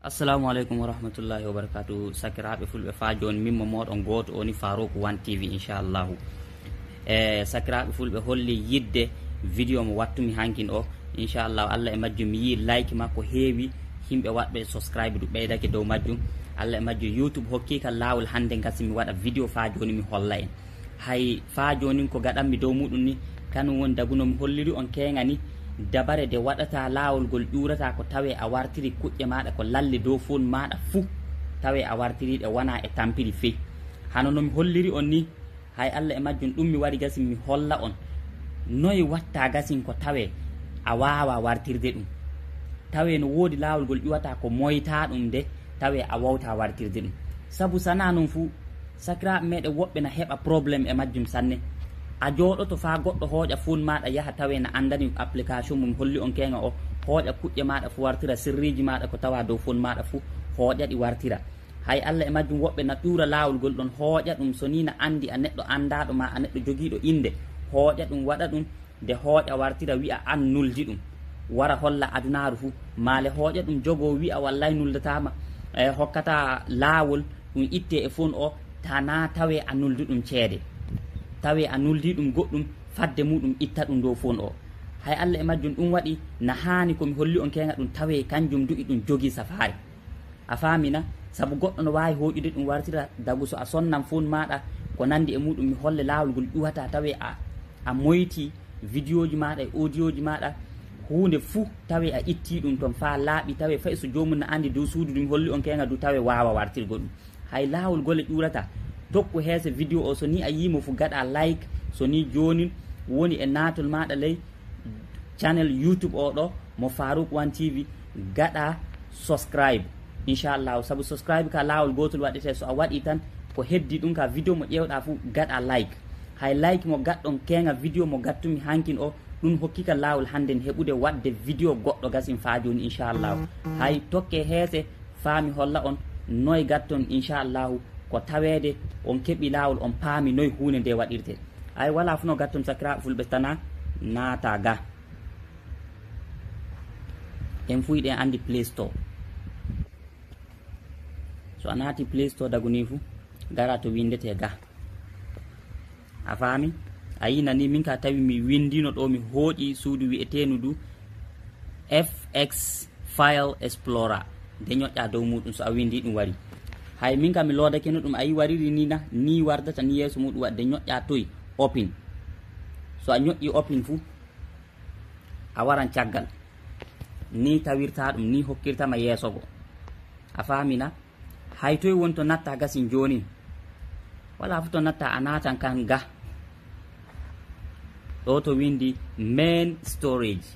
assalamu aleykum wa rahmatullahi wa barakatu sakiraɓe fulɓe fa joni min mo moɗon goto oni farouk wan tv inchallahu e sakiraɓe fulɓe holli yidde vidéo mo wattumi hankin o inchallahu allah e majjum mi yi like makko heewi yimɓe waɗɓe souscribe ɗu ɓeydake dow majjum allah e majjum youtube hokki ka lawol hande gasi mi waɗa vidéo fa joni mi holla en hay fa joni ko gaɗanmi dow muɗum ni kañum woni dagunomi holliri on kegani dabare de waɗata laawol ngol ƴurata ko tawe a wartiri kuƴƴe maɗa ko lalli dow fon maɗa fuu tawe a wartiri ɗe wona e tampiri fey hano nomi holliri on ni hay allah e majjum ɗum mi wari gasin mi holla on noyi watta gasin ko tawe a wawa wartirde ɗum tawe no woodi laawol ngol ƴuwata ko moyta ɗum nde tawe a wawta wartirde ɗum saabu sana noon fuu sakiraɓe meɗen woɓɓe na heɓa probléme e majjum sanne a joɗoto fa goɗɗo hooƴa fuun maɗa yaaha tawe na andani application mum holli on kega o hooƴa kuƴƴe maɗa fo wartira sirriji maɗa ko tawa dow fuun maɗa fo hooƴa ɗi wartira hay allah e majjum woɓɓe na ƴuura laawol gol ɗon hooƴa ɗum so ni na andi a neɗɗo andaɗo ma a neɗɗo jogiiɗo inde hooƴa ɗum waɗa ɗum nde hooƴa wartira wiya an nuldi ɗum wara holla adunaaru fuu maale hooƴa ɗum jogoo wiya wallay nuldatama e hokkata laawol ɗum itte e fuun o tana tawe a nuldi ɗum ceede tawi a noldi ɗum goɗɗum fadde muɗum itta ɗum dow fon o hay allah e majjum ɗum waɗi na hani komi holli on kega ɗum tawe kanjum du i ɗum jogi safari a famina saabu goɗɗo no wawi hoƴude ɗum wartira dagu so a sonnan fon maɗa ko nandi e muɗum mi holle lawol ngol ƴuwata tawe a a moyti vidéo ji maɗa e audio ji maɗa hunde fou tawe a itti ɗum toon fa laaɓi tawe fayi so jomum na andi dow suudu du mi holli on kega du tawe wawa wartirgo ɗum hay lawol gole ƴurata tokku heese vidéo o so ni a yimo fo gaɗa like so ni joni woni e natol maɗa ley channel youtube o ɗo mo farouk one tv gaɗa souscribe inchallahu saabu souscribe ka lawol gotol waɗete so a waɗi tan ko heddi ɗum ka vidéo mo ƴewɗa fo gaɗa like hay like mo gaɗɗon kenga vidéo mo gattumi hankin o ɗum hokkika lawol hande n heɓude wadde vidéo goɗɗo gasin fa joni inchallahu hay tokke heese faami holla on noy gatton inchallahu ko tawede on keeɓi lawol on paami noyi hunde nde waɗirte ay wala fu no gattum sakira fulɓe tana naata ga en fu yiɗen andi playsto so a naati playsto daguni fu gara to windete ga a faami a yinani min ka tawi mi windino ɗo mi hooƴi suudu wi'etenu du fx file explorer nde ñoƴƴa dow muɗum so a windi ɗum wari hay min kam mi loodakeno dum a wari wariri ni na ni wardata ni yeeso muɗum wadde ñoƴƴa toy open so a i open fu, awaran waran ni tawirta dum ni yeso go a famina hay toy won to natta gasin joni wala fu to natta a kan ga oto windi main storage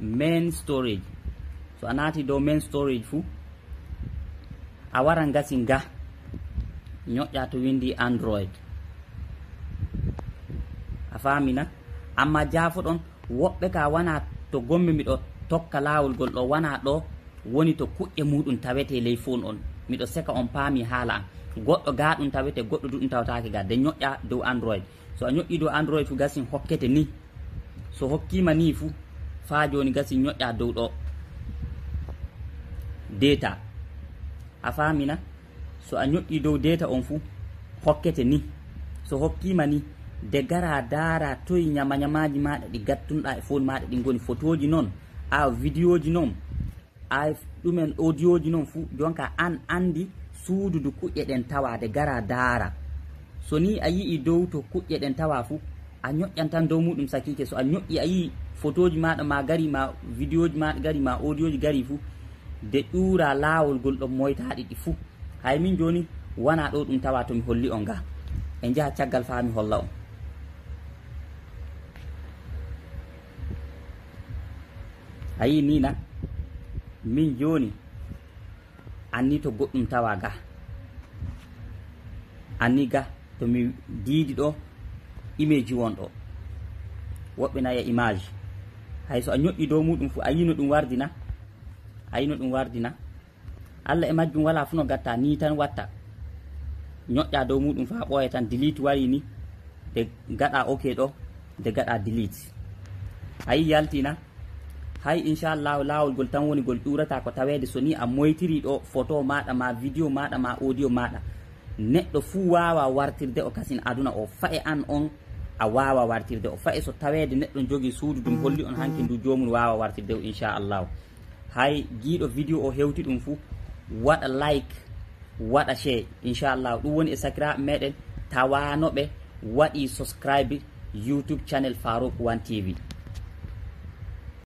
main storage so anati do main storage fu. a wara gasi nga ñoƴƴa to windi android a famina amma jaafo ɗon woɓɓe ka wana to gomme miɗo tokka lawol gol ɗo wana ɗo woni to kuƴƴe muɗum tawete ley fon on miɗo seka on paami haala am goɗɗo ga ɗum tawete goɗɗo duɗum tawatake ga de ñoƴƴa dow android so a ñoƴƴi dow android fu gasin hokkete ni so hokkima ni fu fa joni gasin ñoƴƴa dow ɗo deta a famina so a ñoƴƴi dow deta on fuu hokkete ni so hokkima ni de gara daara toye ñamañamaji maɗa ɗi gattunoɗa e fof maɗa ɗi goni photo ji noon a vidéo ji noon a ɗumen audio ji noon fuu jonka an andi suududu kuƴƴe ɗen tawa de gara daara so ni a yii dow to kuƴƴe ɗen tawa fuu a ñoƴƴan tan dow muɗum sakike so a ñoƴƴi a yii photo ji maɗa ma gari ma vidéo ji maɗa gari ma audio ji gari fuu de ƴuura laawol gol ɗon moytaaɗiɗi fuu hay min jooni wona ɗo ɗum tawa tomi holli on ngaa e njaha caggal faa mi holla on a yii ni na min jooni anni to goɗɗum tawa ga anni ga tomi diidi ɗo image won ɗo woɓɓe naya e image hay so a ñoƴƴi dow muɗum fuu a yino ɗum wardi na ayino ɗum wardina allah e majjum wala fu no gatta ni tan watta ñoƴƴa dow muɗum fa ɓooya tan dilite wari ni de gaɗa ok ɗo de gaɗa dilite ayi yaltina hay inchallahu lawol gol tan woni gol ɗurata ko tawede so ni a moytiri ɗo photo maɗa ma vidéo maɗa ma audio maɗa neɗɗo fuu wawa wartirde o kasin aduna o fa e an on a wawa wartirde o fa e so tawede neɗɗo jogui suudu ɗum holli on hankindu jomum wawa wartirde o inchallahu hay guiɗo vidéo o hewti ɗum fou waɗa like waɗa chee inchallahu ɗum woni e sakiraɓe meɗen tawanoɓe waɗi souscribe youtube channel farouk one tv